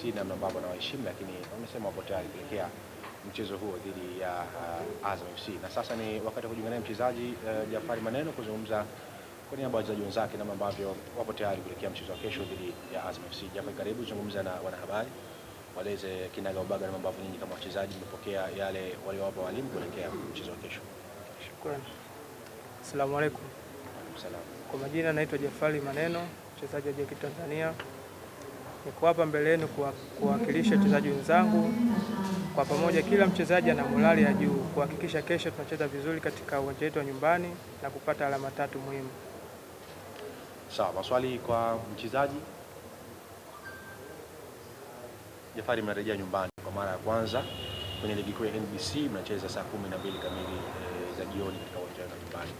si namna ambavyo nawaheshimu, lakini wamesema wapo tayari kuelekea mchezo huo dhidi ya uh, Azam FC. Na sasa ni wakati wa kujiunga naye mchezaji uh, Jafari Maneno kuzungumza kwa niaba ya wachezaji wenzake namna ambavyo wapo tayari kuelekea mchezo wa kesho dhidi ya Azam FC. Jafari, karibu zungumza na wanahabari, waleze kinaga ubaga namna ambavyo nyinyi kama wachezaji mmepokea yale waliowapa walimu kuelekea mchezo wa kesho. Shukrani. Asalamu alaykum. Kwa majina naitwa Jafari Maneno, mchezaji wa JKT Tanzania niko hapa mbele yenu kuwakilisha wachezaji wenzangu. Kwa pamoja, kila mchezaji ana morali ya juu kuhakikisha kesho tunacheza vizuri katika uwanja wetu wa nyumbani na kupata alama tatu muhimu. Sawa, maswali kwa mchezaji Jafari, mnarejea nyumbani kwa mara ya kwanza kwenye ligi kuu ya NBC, mnacheza saa kumi na mbili kamili e, za jioni katika uwanja wa nyumbani.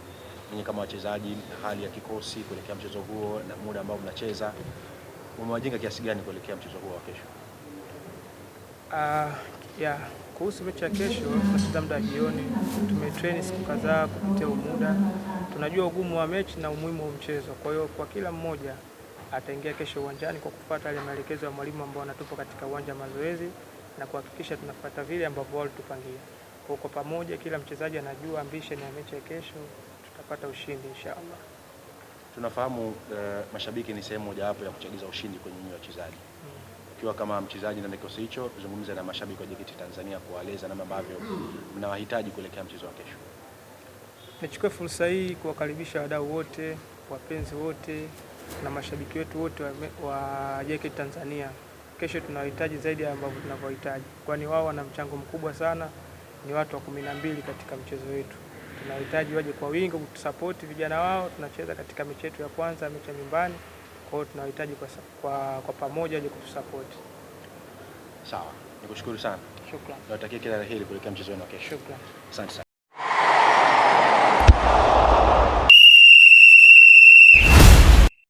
Ninyi kama wachezaji, hali ya kikosi kuelekea mchezo huo na muda ambao mnacheza umewajenga kiasi gani kuelekea mchezo huo wa kesho? Uh, ah, yeah. Kuhusu mechi ya kesho, tunacheza muda jioni. Tumetrain siku kadhaa kupitia muda, tunajua ugumu wa mechi na umuhimu wa mchezo. Kwa hiyo kwa kila mmoja ataingia kesho uwanjani kwa kufuata yale maelekezo ya mwalimu ambao anatupa katika uwanja mazoezi na kuhakikisha tunafuata vile ambavyo walitupangia. Kwa kwa pamoja, kila mchezaji anajua ambition ya mechi ya kesho, tutapata ushindi inshallah. Tunafahamu uh, mashabiki ni sehemu mojawapo ya kuchagiza ushindi kwenye nyinyi wachezaji. Ukiwa kama mchezaji na kikosi hicho, zungumza na mashabiki wa JKT Tanzania kuwaeleza namna ambavyo mnawahitaji kuelekea mchezo wa kesho. Nichukue fursa hii kuwakaribisha wadau wote, wapenzi wote na mashabiki wetu wote wa JKT Tanzania. Kesho tunawahitaji zaidi ya ambavyo tunavyohitaji, kwani wao wana mchango mkubwa sana, ni watu wa kumi na mbili katika mchezo wetu tunahitaji waje kwa wingi kutusapoti vijana wao. Tunacheza katika mechi yetu ya kwanza, mechi ya nyumbani, kwa hiyo tunahitaji kwa, kwa, kwa pamoja waje kutusapoti. Sawa, nikushukuru sana, shukrani. Tunatakia kila la heri kuelekea mchezo wenu wa kesho. Shukrani, asante sana.